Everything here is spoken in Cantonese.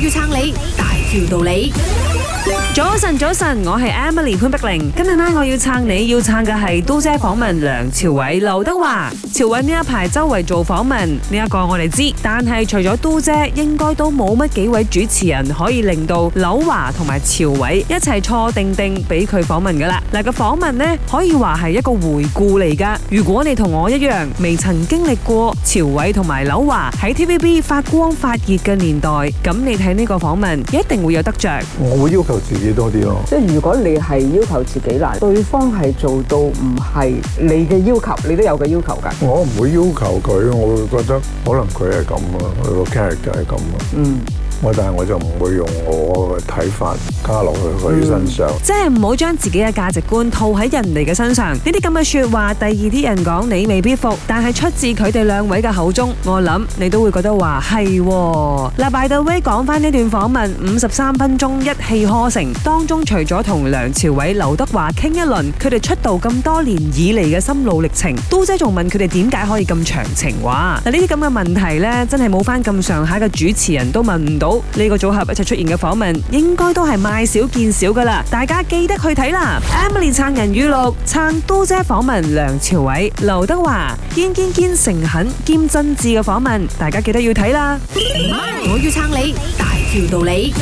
要撐你，大條道理。早晨，早晨，我係 Emily 潘碧玲。今日呢，我要撐你要撐嘅係 Do 姐訪問梁朝偉、劉德華。朝偉呢一排周圍做訪問，呢一個我哋知。但係除咗 Do 姐，應該都冇乜幾位主持人可以令到劉華同埋朝偉一齊坐定定俾佢訪問噶啦。嗱，個訪問呢，可以話係一個回顧嚟噶。如果你同我一樣未曾經歷過朝偉同埋劉華喺 TVB 發光發熱嘅年代，咁你睇。喺呢個訪問一定會有得着，我會要求自己多啲咯。即係如果你係要求自己難，對方係做到唔係你嘅要求，你都有個要求噶。我唔會要求佢，我會覺得可能佢係咁啊，佢個性格係咁啊。嗯。但係我就唔會用我嘅睇法加落去佢身上， 即係唔好將自己嘅價值觀套喺人哋嘅身上。呢啲咁嘅說話，第二啲人講你未必服，但係出自佢哋兩位嘅口中，我諗你都會覺得話係、哦。嗱 by the way，講翻呢段訪問五十三分鐘一氣呵成，當中除咗同梁朝偉、劉德華傾一輪，佢哋出道咁多年以嚟嘅心路歷程，Do 姐仲問佢哋點解可以咁長情話。嗱，呢啲咁嘅問題呢，真係冇翻咁上下嘅主持人都問唔到。呢、這個組合一齊出現嘅訪問，應該都係賣少見少噶啦，大家記得去睇啦。 Emily 撐人語錄，撐 Do 姐訪問梁朝偉、劉德華，堅堅堅誠懇兼真摯嘅訪問，大家記得要睇啦，嗯。我要撐你，大條道理。